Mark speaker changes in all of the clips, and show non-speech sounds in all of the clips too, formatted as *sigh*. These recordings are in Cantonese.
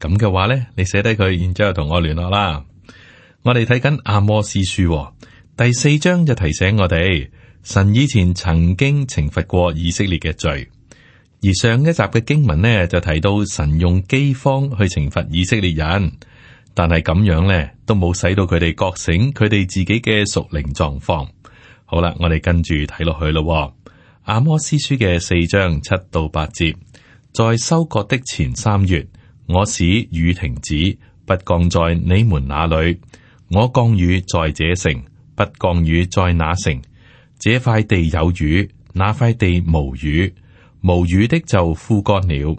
Speaker 1: 咁嘅話呢，你寫低佢，然之後同我聯絡啦。我哋睇緊《阿摩司書》第四章，就提醒我哋神以前曾經懲罰過以色列嘅罪。而上一集嘅經文呢，就提到神用饑荒去懲罰以色列人，但係咁樣呢，都冇使到佢哋覺醒，佢哋自己嘅屬靈狀況。好啦，我哋跟住睇落去咯，《阿摩司書》嘅四章七到八節，在收割的前三月。我使雨停止，不降在你們那裏；我降雨在這城，不降雨在那城。這塊地有雨，那塊地無雨，無雨的就枯乾了。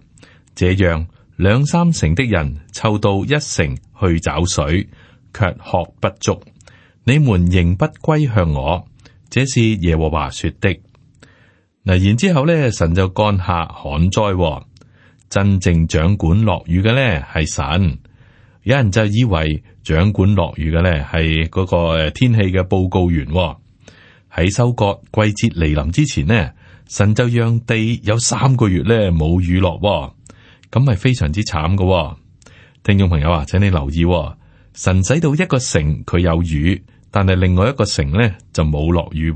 Speaker 1: 這樣兩三城的人湊到一城去找水，卻喝不足。你們仍不歸向我，這是耶和華說的。嗱，然之後呢，神就干下旱災禍。真正掌管落雨嘅呢係神，有人就以為掌管落雨嘅呢係嗰個天氣嘅報告員。喺收割季節嚟臨之前呢，神就讓地有三個月呢冇雨落，咁係非常之慘嘅。聽眾朋友啊，請你留意。神使到一個城佢有雨，但係另外一個城呢就冇落雨。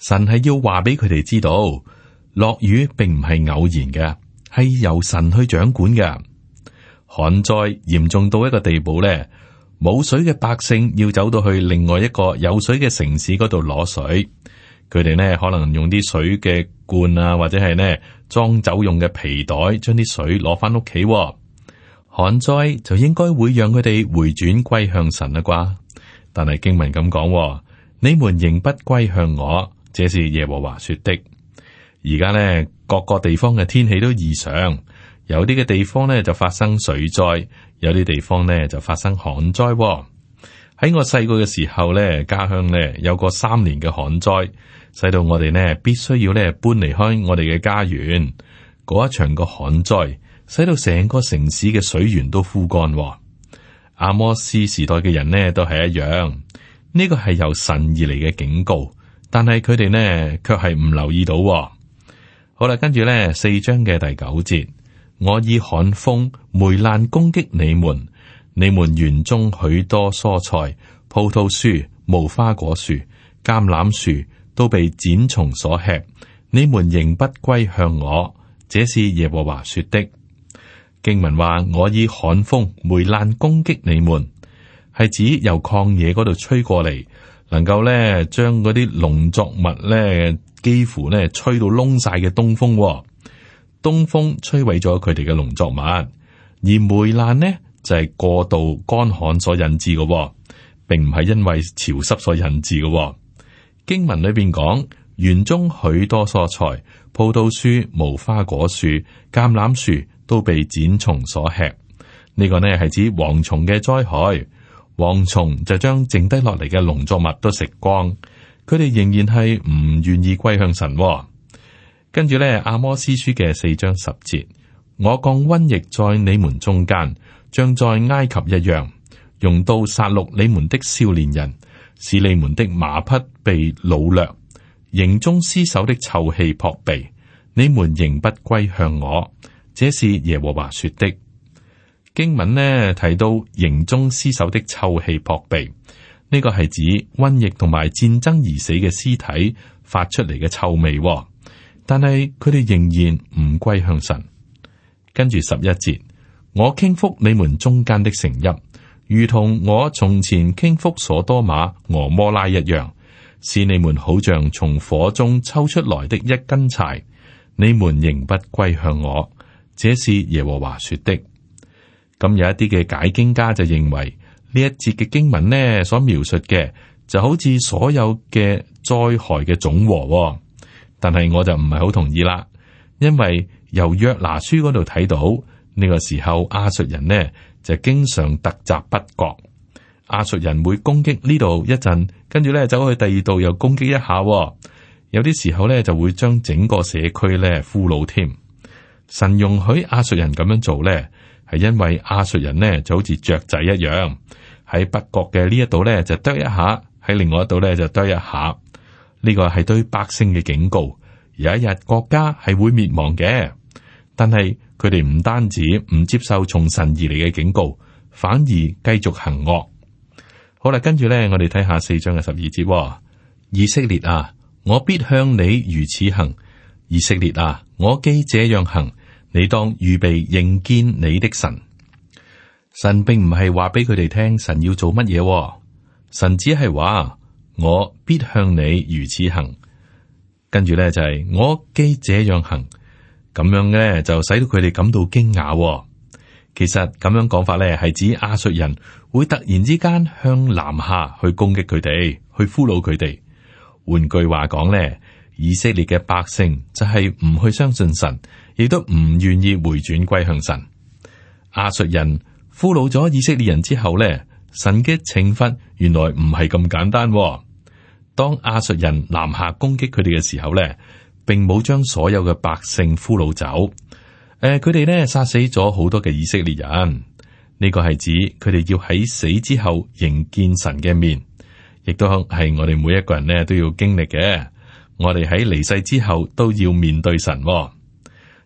Speaker 1: 神係要話俾佢哋知道，落雨並唔係偶然嘅。係由神去掌管嘅。旱災嚴重到一個地步咧，冇水嘅百姓要走到去另外一個有水嘅城市嗰度攞水。佢哋咧可能用啲水嘅罐啊，或者係咧裝酒用嘅皮袋，將啲水攞翻屋企。旱災就應該會讓佢哋回轉歸向神啦啩。但係經文咁講，你們仍不歸向我，這是耶和華說的。而家咧。各個地方嘅天氣都異常，有啲嘅地方咧就發生水災，有啲地方咧就發生旱災喎。喺我細個嘅時候咧，家鄉咧有個三年嘅旱災，使到我哋咧必須要咧搬離開我哋嘅家園。嗰一場個旱災，使到成個城市嘅水源都枯乾喎。阿摩司時代嘅人呢都係一樣，呢個係由神而嚟嘅警告，但係佢哋呢卻係唔留意到喎。好啦，跟住咧，四章嘅第九節， *music* 我以旱風、霉爛攻擊你們，你們園中許多蔬菜、葡萄樹、無花果樹、橄欖樹都被剪蟲所吃，你們仍不歸向我，這是耶和華說的。經文話我以旱風、霉爛攻擊你們，係指由曠野嗰度吹過嚟，能夠咧將嗰啲農作物咧。幾乎呢吹到窿晒嘅東風，東風摧毀咗佢哋嘅農作物，而霉爛呢，就係、是、過度乾旱所引致嘅，並唔係因為潮濕所引致嘅。經文裏邊講，園中許多蔬菜、葡萄樹、無花果樹、橄欖樹都被剪蟲所吃，呢、這個呢係指蝗蟲嘅災害，蝗蟲就將剩低落嚟嘅農作物都食光。佢哋仍然係唔願意歸向神，哦。跟住咧，《阿摩司書》嘅四章十節：我降瘟疫在你們中間，像在埃及一樣，用刀殺戮你們的少年人，使你們的馬匹被擄掠，營中屍首的臭氣撲鼻。你們仍不歸向我，這是耶和華說的。經文呢，提到營中屍首的臭氣撲鼻。呢個係指瘟疫同埋戰爭而死嘅屍體發出嚟嘅臭味，哦，但係佢哋仍然唔歸向神。跟住十一節，我傾覆你們中間的城邑，如同我從前傾覆所多瑪、俄摩拉一樣，使你們好像從火中抽出來的一根柴。你們仍不歸向我，這是耶和華說的。咁有一啲嘅解經家就認為。呢一節嘅經文呢，所描述嘅就好似所有嘅災害嘅總和，哦，但係我就唔係好同意啦，因為由約拿書嗰度睇到，呢、呢個時候亞述人呢就經常突襲不覺，亞述人會攻擊呢度一陣，跟住咧走去第二度又攻擊一下，哦，有啲時候咧就會將整個社區咧俘虜添，神容許亞述人咁樣做咧。係因為亞述人呢就好似雀仔一樣，喺北國嘅呢一度呢就啄一下，喺另外一度呢就啄一下。呢個係對百姓嘅警告，有一日國家係會滅亡嘅。但係佢哋唔單止唔接受從神而嚟嘅警告，反而繼續行惡。好啦，跟住呢，我哋睇下四章嘅十二節喎。以色列啊，我必向你如此行；以色列啊，我既這樣行。你當預備迎見你的神。神並唔係話俾佢哋聽神要做乜嘢，神只係話我必向你如此行。跟住咧就係、是、我既這樣行，咁樣咧就使到佢哋感到驚訝。其實咁樣講法咧，係指亞述人會突然之間向南下去攻擊佢哋，去俘虜佢哋。換句話講咧。以色列嘅百姓就係唔去相信神，亦都唔願意回轉歸向神。亞述人俘虜咗以色列人之後咧，神嘅懲罰原來唔係咁簡單。當亞述人南下攻擊佢哋嘅時候咧，並冇將所有嘅百姓俘虜走。誒、呃，佢哋咧殺死咗好多嘅以色列人。呢、這個係指佢哋要喺死之後迎見神嘅面，亦都係我哋每一個人咧都要經歷嘅。我哋喺離世之後都要面對神、哦，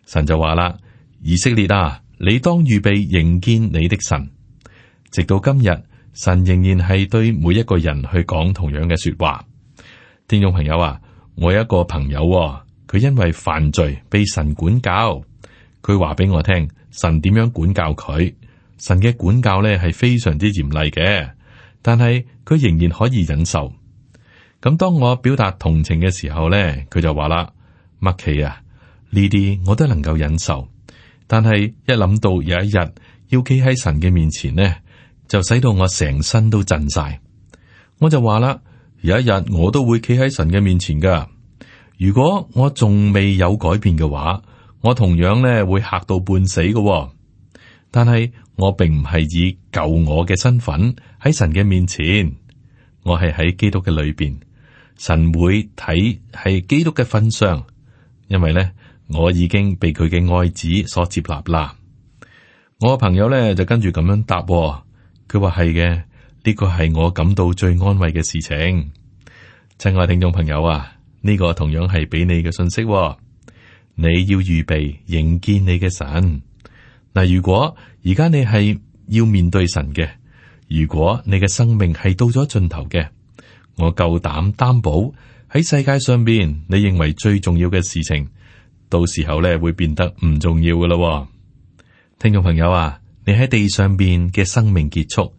Speaker 1: 神就話啦：以色列啊，你當預備迎見你的神。直到今日，神仍然係對每一個人去講同樣嘅說話。聽眾朋友啊，我有一個朋友、哦，佢因為犯罪被神管教，佢話俾我聽，神點樣管教佢，神嘅管教呢係非常之嚴厲嘅，但係佢仍然可以忍受。咁當我表達同情嘅時候咧，佢就話啦：麥奇啊，呢啲我都能夠忍受，但係一諗到有一日要企喺神嘅面前咧，就使到我成身都震晒。我就話啦，有一日我都會企喺神嘅面前噶。如果我仲未有改變嘅話，我同樣咧會嚇到半死噶喎。但係我並唔係以救我嘅身份喺神嘅面前，我係喺基督嘅裏邊。神會睇係基督嘅份上，因為咧我已經被佢嘅愛子所接納啦。我個朋友咧就跟住咁樣答，哦，佢話係嘅，呢個係我感到最安慰嘅事情。親愛聽眾朋友啊，呢個同樣係俾你嘅信息，哦，你要預備迎見你嘅神。嗱，如果而家你係要面對神嘅，如果你嘅生命係到咗盡頭嘅。我夠膽擔保喺世界上邊，你認為最重要嘅事情，到時候咧會變得唔重要噶啦。聽眾朋友啊，你喺地上邊嘅生命結束，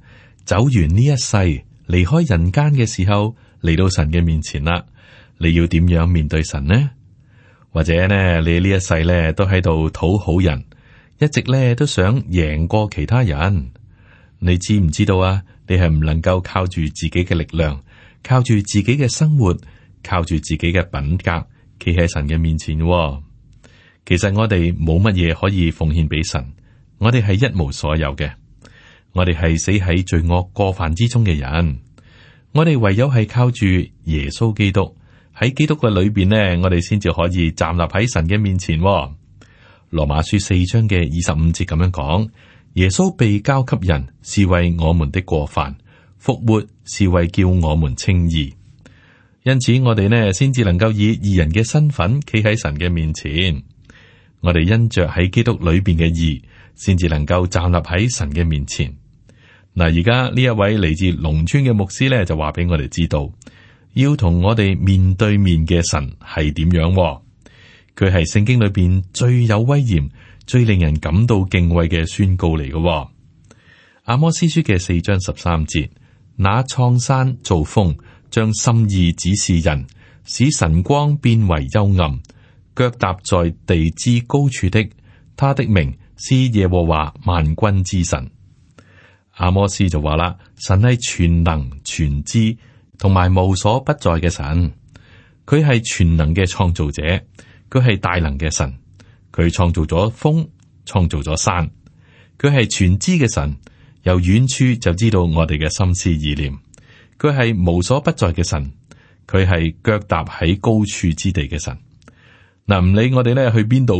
Speaker 1: 走完呢一世，離開人間嘅時候，嚟到神嘅面前啦，你要點樣面對神呢？或者呢，你呢一世咧都喺度討好人，一直咧都想贏過其他人，你知唔知道啊？你係唔能夠靠住自己嘅力量。靠住自己嘅生活，靠住自己嘅品格，企喺神嘅面前，哦。其實我哋冇乜嘢可以奉獻俾神，我哋係一無所有嘅，我哋係死喺罪惡過犯之中嘅人。我哋唯有係靠住耶穌基督喺基督嘅裏邊咧，我哋先至可以站立喺神嘅面前，哦。羅馬書四章嘅二十五節咁樣講：耶穌被交給人，是為我們的過犯。復活是為叫我們稱義，因此我哋呢先至能夠以義人嘅身份企喺神嘅面前。我哋因着喺基督裏邊嘅義，先至能夠站立喺神嘅面前。嗱，而家呢一位嚟自農村嘅牧師呢，就話俾我哋知道，要同我哋面對面嘅神係點樣。佢係聖經裏邊最有威嚴、最令人感到敬畏嘅宣告嚟嘅。阿摩司書嘅四章十三節。那創山造風，將心意指示人，使神光變為幽暗。腳踏在地之高處的，他的名是耶和華萬軍之神。阿摩斯就話啦：神係全能全知同埋無所不在嘅神，佢係全能嘅創造者，佢係大能嘅神，佢創造咗風，創造咗山，佢係全知嘅神。由遠處就知道我哋嘅心思意念，佢係無所不在嘅神，佢係腳踏喺高處之地嘅神。嗱、啊，唔理我哋咧去邊度，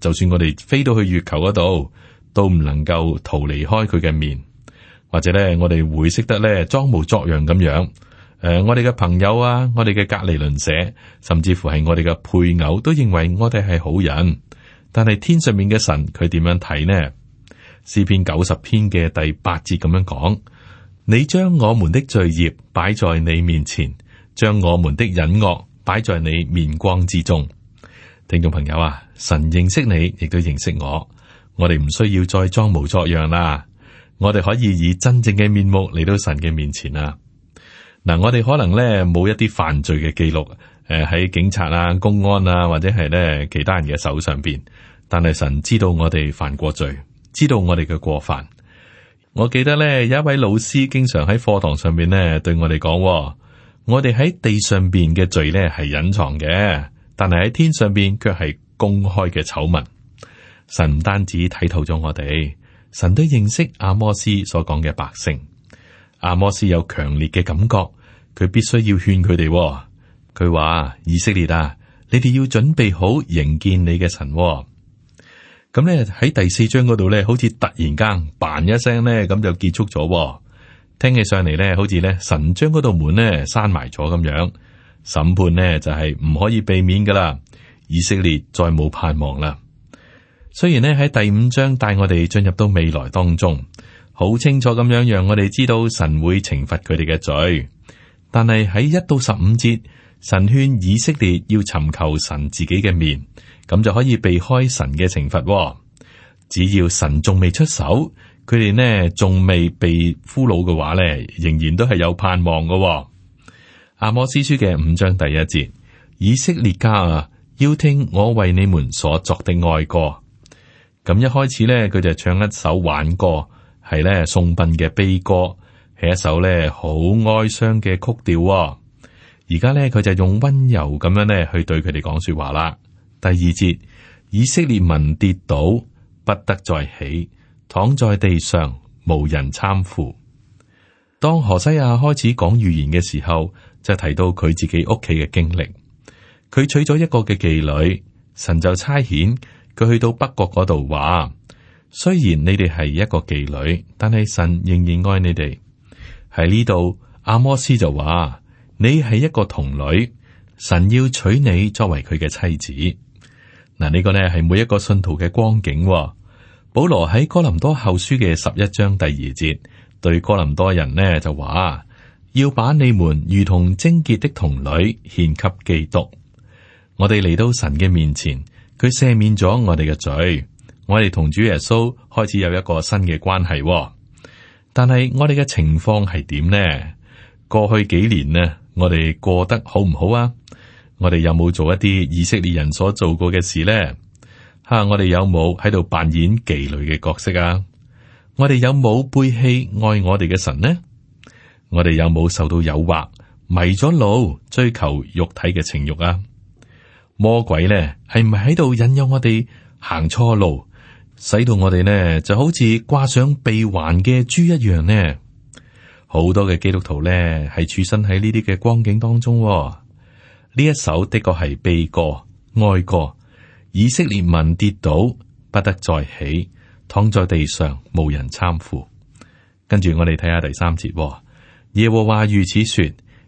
Speaker 1: 就算我哋飛到去月球嗰度，都唔能夠逃離開佢嘅面。或者咧，我哋會識得咧裝模作樣咁樣。誒、呃，我哋嘅朋友啊，我哋嘅隔離鄰舍，甚至乎係我哋嘅配偶，都認為我哋係好人，但係天上面嘅神，佢點樣睇呢？詩篇九十篇嘅第八節咁樣講：你將我們的罪孽擺在你面前，將我們的隱惡擺在你面光之中。聽眾朋友啊，神認識你，亦都認識我，我哋唔需要再裝模作樣啦。我哋可以以真正嘅面目嚟到神嘅面前啦。嗱，我哋可能咧冇一啲犯罪嘅記錄，誒、呃、喺警察啊、公安啊或者係咧其他人嘅手上邊，但係神知道我哋犯過罪。知道我哋嘅過犯，我記得咧，有一位老師經常喺課堂上面咧，對我哋講：我哋喺地上邊嘅罪咧係隱藏嘅，但係喺天上邊卻係公開嘅醜聞。神唔單止睇透咗我哋，神都認識阿摩斯所講嘅百姓。阿摩斯有強烈嘅感覺，佢必須要勸佢哋。佢話：以色列啊，你哋要準備好迎見你嘅神。咁咧喺第四章嗰度咧，好似突然間，嘣一聲咧，咁就結束咗。聽起上嚟咧，好似咧神將嗰道門咧閂埋咗咁樣，審判咧就係唔可以避免噶啦。以色列再冇盼望啦。雖然咧喺第五章帶我哋進入到未來當中，好清楚咁樣讓我哋知道神會懲罰佢哋嘅罪，但係喺一到十五節。神勸以色列要尋求神自己嘅面，咁就可以避開神嘅懲罰。只要神仲未出手，佢哋呢仲未被俘虜嘅話呢，仍然都係有盼望㗎、哦。阿摩司書嘅五章第一節，以色列家啊，要聽我為你們所作的哀歌。咁一開始呢，佢就唱一首挽歌，係呢送殯嘅悲歌，係一首呢好哀傷嘅曲調、哦。而家呢，佢就用溫柔咁樣呢去對佢哋講說話啦。第二節，以色列民跌倒，不得再起，躺在地上，無人攙扶。當何西阿開始講預言嘅時候，就提到佢自己屋企嘅經歷。佢娶咗一個嘅妓女，神就差遣佢去到北國嗰度話：「雖然你哋係一個妓女，但係神仍然愛你哋。」喺呢度，阿摩斯就話：你係一個童女，神要娶你作為佢嘅妻子。嗱，呢個呢係每一個信徒嘅光景哦。保羅喺哥林多後書嘅十一章第二節，對哥林多人呢就話：要把你們如同貞潔的童女獻給基督。我哋嚟到神嘅面前，佢赦免咗我哋嘅罪，我哋同主耶穌開始有一個新嘅關係哦。但係我哋嘅情況係點呢？過去幾年呢？我哋過得好唔好啊？我哋有冇做一啲以色列人所做過嘅事咧？吓、啊，我哋有冇喺度扮演妓女嘅角色啊？我哋有冇背棄愛我哋嘅神呢？我哋有冇受到誘惑，迷咗路，追求肉體嘅情欲啊？魔鬼咧，係咪喺度引誘我哋行錯路，使到我哋咧就好似掛上鼻環嘅豬一樣呢？好多嘅基督徒呢，係處身喺呢啲嘅光景當中，哦。呢一首的確係悲歌、哀歌。以色列民跌倒不得再起，躺在地上，無人攙扶。跟住我哋睇下第三節，哦。耶和華如此說，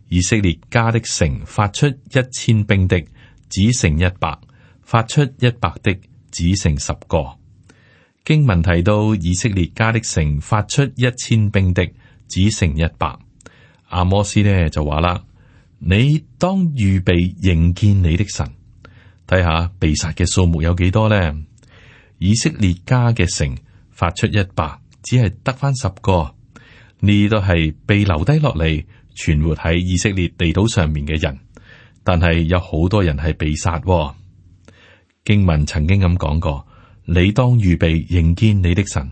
Speaker 1: 以色列家的城發出一千兵的，只剩一百，發出一百的，只剩十個。經文提到以色列家的城發出一千兵的。只剩一百，阿摩司呢就話啦：，你當預備迎見你的神。睇下被殺嘅數目有幾多呢？以色列家嘅城發出一百，只係得翻十個，呢都係被留低落嚟存活喺以色列地土上面嘅人。但係有好多人係被殺。經文曾經咁講過：，你當預備迎見你的神。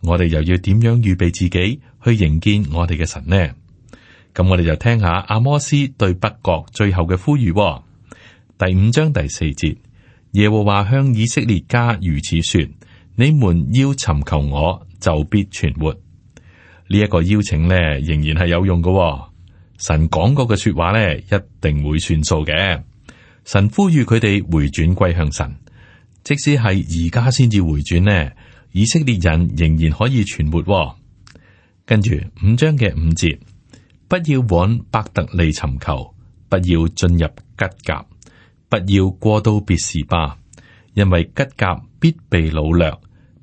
Speaker 1: 我哋又要點樣預備自己去迎見我哋嘅神呢？咁我哋就聽下阿摩斯對北國最後嘅呼籲，第五章第四節，耶和華向以色列家如此說：你們要尋求我，就必存活。呢、這、一個邀請呢，仍然係有用嘅。神講過嘅說話呢，一定會算數嘅。神呼籲佢哋回轉歸向神，即使係而家先至回轉呢？以色列人仍然可以存活、哦。跟住五章嘅五節，不要往伯特利尋求，不要進入吉甲，不要過到別是巴。因為吉甲必被擄掠，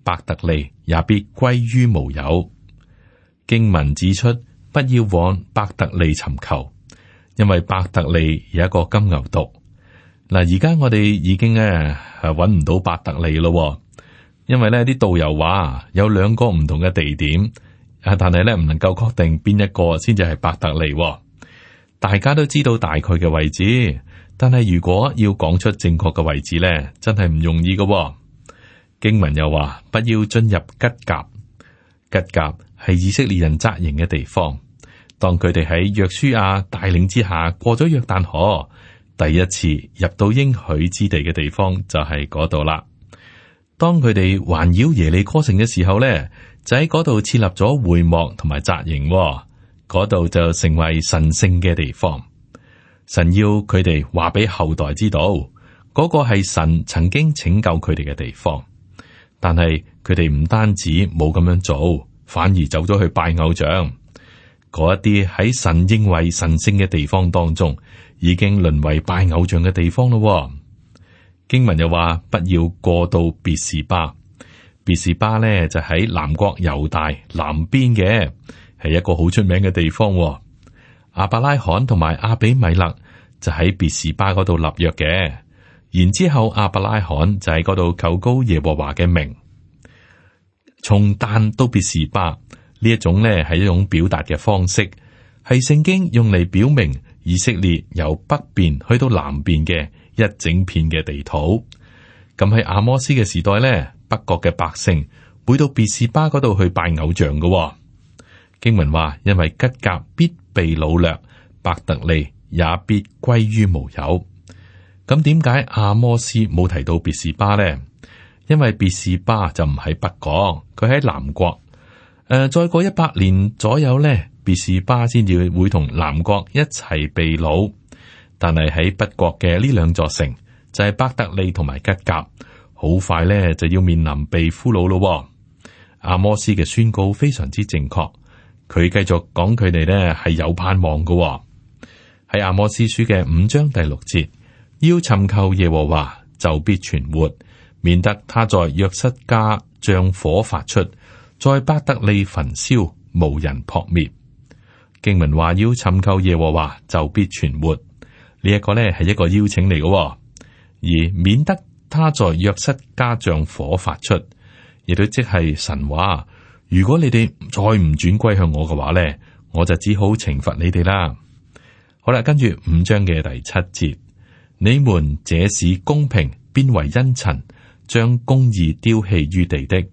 Speaker 1: 伯特利也必歸於無有。經文指出，不要往伯特利尋求，因為伯特利有一個金牛犢。嗱，而家我哋已經誒，係搵唔到伯特利咯、哦。因為呢啲導遊話有兩個唔同嘅地點啊，但係呢，唔能夠確定邊一個先至係伯特利、哦。大家都知道大概嘅位置，但係如果要講出正確嘅位置呢，真係唔容易嘅、哦。經文又話，不要進入吉甲，吉甲係以色列人紮營嘅地方。當佢哋喺約書亞帶領之下過咗約旦河，第一次入到應許之地嘅地方就係嗰度啦。當佢哋環繞耶利哥城嘅時候咧，就喺嗰度設立咗會幕同埋紮營，嗰度就成為神聖嘅地方。神要佢哋話俾後代知道，嗰、嗰個係神曾經拯救佢哋嘅地方。但係佢哋唔單止冇咁樣做，反而走咗去拜偶像。嗰一啲喺神認為神聖嘅地方當中，已經淪為拜偶像嘅地方咯。經文又話：不要過到別士巴，別士巴呢，就喺南國猶大南邊嘅，係一個好出名嘅地方，哦。阿伯拉罕同埋阿比米勒就喺別士巴嗰度立約嘅，然之後亞伯拉罕就喺嗰度求告耶和華嘅名。從但到別士巴呢一種呢係一種表達嘅方式，係聖經用嚟表明以色列由北邊去到南邊嘅。一整片嘅地土，咁喺阿摩司嘅時代呢，北國嘅百姓會到別士巴嗰度去拜偶像嘅、哦。經文話，因為吉甲必被擄掠，伯特利也必歸於無有。咁點解阿摩司冇提到別士巴呢？因為別士巴就唔喺北國，佢喺南國。誒、呃，再過一百年左右呢，別士巴先至會同南國一齊被擄。但係喺北國嘅呢兩座城，就係、是、伯特利同埋吉甲，好快咧就要面臨被俘虜咯、哦。阿摩司嘅宣告非常之正確，佢繼續講佢哋咧係有盼望嘅、哦。喺阿摩司書嘅五章第六節，要尋求耶和華就必存活，免得他在約瑟家像火發出，在伯特利焚燒，無人撲滅。經文話，要尋求耶和華就必存活。呢一個咧係一個邀請嚟嘅，哦，而免得他在約瑟家將火發出，亦都即係神話。如果你哋再唔轉歸向我嘅話咧，我就只好懲罰你哋啦。好啦，跟住五章嘅第七節，你們這使公平變為茵蔯，將公義丟棄，棄於地的。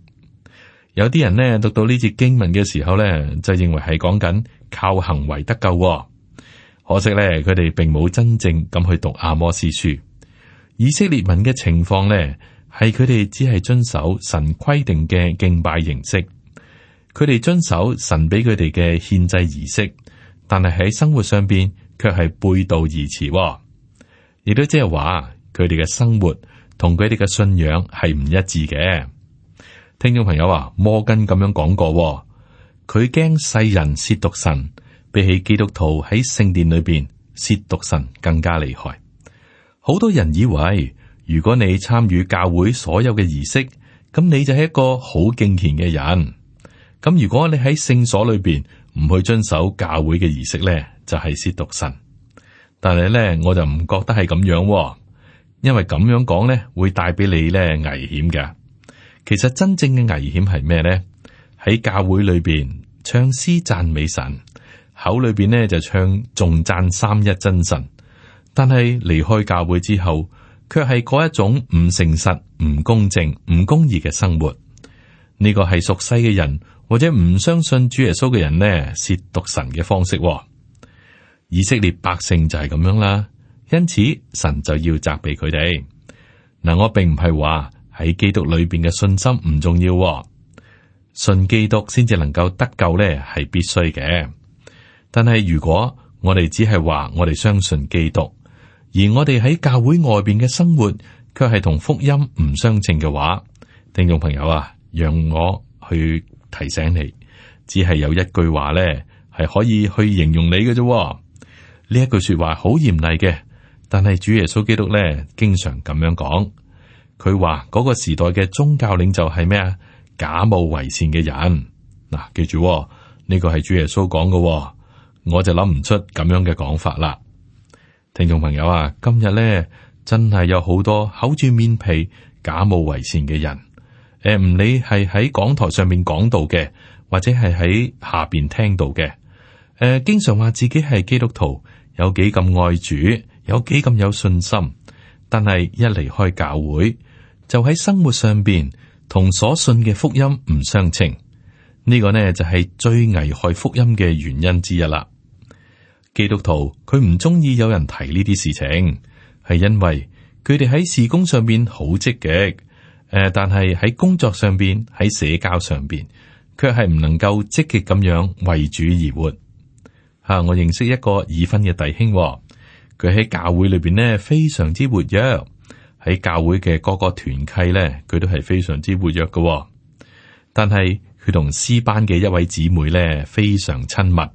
Speaker 1: 有啲人咧讀到呢節經文嘅時候咧，就認為係講緊靠行為得救、哦。可惜咧，佢哋並冇真正咁去讀阿摩司書。以色列文嘅情況呢，係佢哋只係遵守神規定嘅敬拜形式，佢哋遵守神俾佢哋嘅獻祭儀式，但係喺生活上邊卻係背道而馳，亦都即係話佢哋嘅生活同佢哋嘅信仰係唔一致嘅。聽眾朋友話摩根咁樣講過，佢驚世人褻瀆神。比起基督徒喺聖殿裏邊褻瀆神更加厲害。好多人以為，如果你參與教會所有嘅儀式，咁你就係一個好敬虔嘅人。咁如果你喺聖所裏邊唔去遵守教會嘅儀式咧，就係褻瀆神。但係咧，我就唔覺得係咁樣喎，因為咁樣講咧會帶俾你咧危險嘅。其實真正嘅危險係咩咧？喺教會裏邊唱詩讚美神。口裏邊呢就唱，仲讚三一真神，但係離開教會之後，卻係嗰一種唔誠實、唔公正、唔公義嘅生活。呢個係屬世嘅人或者唔相信主耶穌嘅人呢褻瀆神嘅方式。以色列百姓就係咁樣啦，因此神就要責備佢哋。嗱，我並唔係話喺基督裏邊嘅信心唔重要，信基督先至能夠得救呢係必須嘅。但係，如果我哋只係話我哋相信基督，而我哋喺教會外邊嘅生活卻係同福音唔相稱嘅話，聽眾朋友啊，讓我去提醒你，只係有一句話咧係可以去形容你嘅啫。呢一句說話好嚴厲嘅，但係主耶穌基督咧經常咁樣講，佢話嗰個時代嘅宗教領袖係咩啊？假冒為善嘅人。嗱，啊，記住喎，呢個係主耶穌講嘅㗎喎。我就諗唔出咁樣嘅講法啦，聽眾朋友啊，今日呢真係有好多厚住面皮、假冒為善嘅人，誒、呃，唔理係喺講台上面講到嘅，或者係喺下邊聽到嘅，誒、呃，經常話自己係基督徒，有幾咁愛主，有幾咁有信心，但係一離開教會，就喺生活上邊同所信嘅福音唔相稱，呢、呢個呢，就係、係、最危害福音嘅原因之一啦。基督徒佢唔中意有人提呢啲事情，係因為佢哋喺事工上邊好積極，誒、呃，但係喺工作上邊、喺社交上邊，卻係唔能夠積極咁樣為主而活。吓、啊，我認識一個已婚嘅弟兄、哦，佢喺教會裏邊呢非常之活躍，喺教會嘅各個團契呢，佢都係非常之活躍嘅、哦，但係佢同詩班嘅一位姊妹呢，非常親密。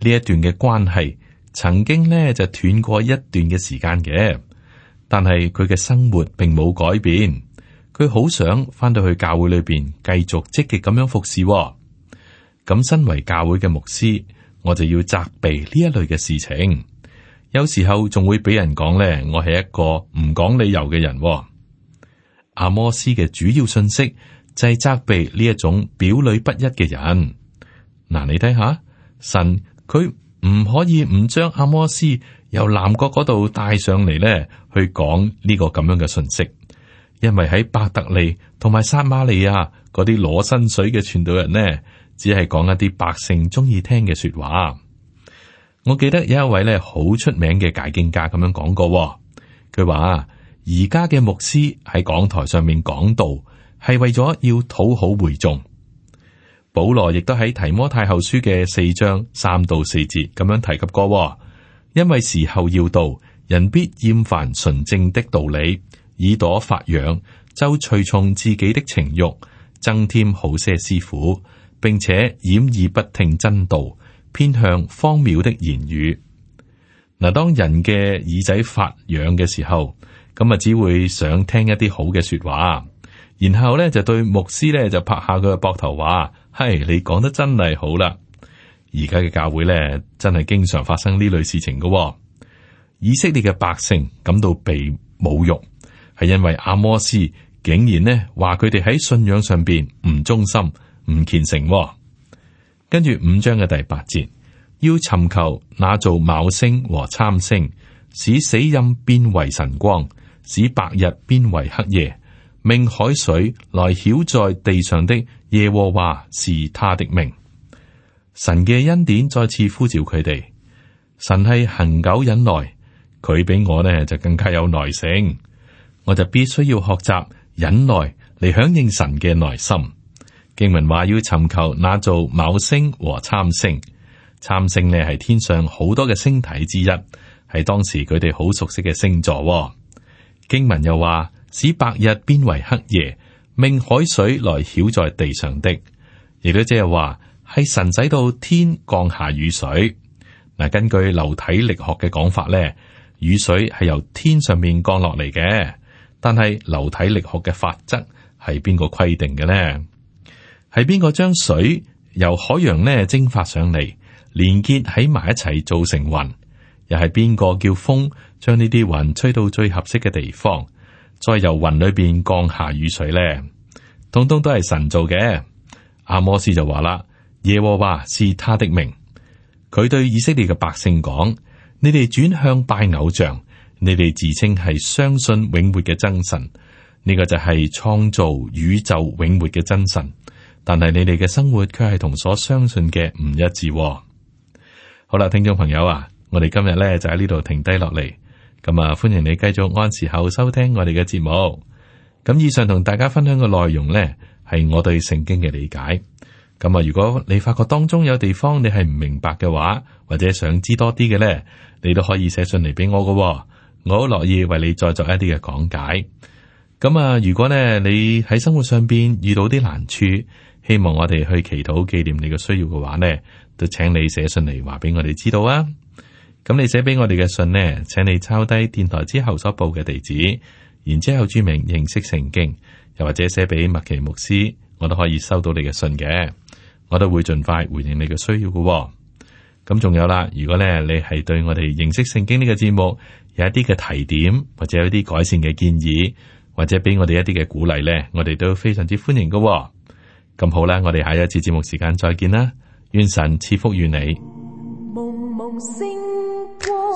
Speaker 1: 呢一段嘅關係曾經呢，就斷過一段嘅時間嘅，但係佢嘅生活並冇改變，佢好想翻到去教會裏邊繼續積極咁樣服侍、哦。咁身為教會嘅牧師，我就要責備呢一類嘅事情。有時候仲會俾人講呢，我係一個唔講理由嘅人、哦。阿摩斯嘅主要信息就係責備呢一種表裏不一嘅人。嗱、呃，你睇下神。佢唔可以唔將阿摩斯由南國嗰度帶上嚟呢，去講呢個咁樣嘅信息。因為喺伯特利同埋撒瑪利亞嗰啲攞薪水嘅傳道人呢，只係講一啲百姓中意聽嘅說話。我記得有一位呢，好出名嘅解經家咁樣講過，哦，佢話，而家嘅牧師喺講台上面講道，係為咗要討好會眾。保羅亦都喺提摩太後書嘅四章三到四節咁樣提及過，因為時候要到，人必厭煩純正的道理，耳朵發癢就隨從自己的情慾，增添好些師傅，並且掩耳不聽真道，偏向荒謬的言語。嗱，當人嘅耳仔發癢嘅時候，咁啊，只會想聽一啲好嘅說話，然後呢，就對牧師呢，就拍下佢嘅膊頭話。係、hey, 你講得真係好啦，而家嘅教會咧真係經常發生呢類事情噶、哦。以色列嘅百姓感到被侮辱，係因為阿摩斯竟然呢話佢哋喺信仰上面唔忠心、唔虔誠喎。跟住五章嘅第八節，要尋求那造昴星和參星，使死蔭變為晨光，使白日變為黑夜。命海水來澆在地上的耶和華是他的名。神嘅恩典再次呼召佢哋。神係恒久忍耐，佢比我呢就更加有耐性。我就必須要學習忍耐嚟響應神嘅耐心。經文話，要尋求那造昴星和參星，參星呢係天上好多嘅星體之一，係當時佢哋好熟悉嘅星座。經文又話。使白日變為黑夜，命海水來曉在地上的。亦都即係話，係神使到天降下雨水嗱。根據流體力學嘅講法咧，雨水係由天上面降落嚟嘅。但係流體力學嘅法則係邊個規定嘅咧？係邊個將水由海洋咧蒸發上嚟，連結喺埋一齊，造成雲？又係邊個叫風將呢啲雲吹到最合適嘅地方？再由雲裏邊降下雨水咧，通通都係神做嘅。阿摩斯就話啦：耶和華是他的名。佢對以色列嘅百姓講：你哋轉向拜偶像，你哋自稱係相信永活嘅真神，呢個就係創造宇宙永活嘅真神。但係你哋嘅生活卻係同所相信嘅唔一致喎。好啦，聽眾朋友啊，我哋今日咧就喺呢度停低落嚟。咁啊，歡迎你繼續按時候收聽我哋嘅節目。咁以上同大家分享嘅內容呢，係我對聖經嘅理解。咁啊，如果你發覺當中有地方你係唔明白嘅話，或者想知多啲嘅呢，你都可以寫信嚟俾我噶，我好樂意為你再作一啲嘅講解。咁啊，如果呢，你喺生活上邊遇到啲難處，希望我哋去祈禱紀念你嘅需要嘅話呢，都請你寫信嚟話俾我哋知道啊。咁你寫俾我哋嘅信呢，請你抄低電台之後所報嘅地址，然之後注明認識聖經，又或者寫俾麥奇牧師，我都可以收到你嘅信嘅。我都會盡快回應你嘅需要噶喎。咁仲有啦，如果咧你係對我哋認識聖經呢個節目有一啲嘅提點，或者有一啲改善嘅建議，或者俾我哋一啲嘅鼓勵咧，我哋都非常之歡迎噶喎。咁好啦，我哋下一次節目時間再見啦，願神賜福於你。無無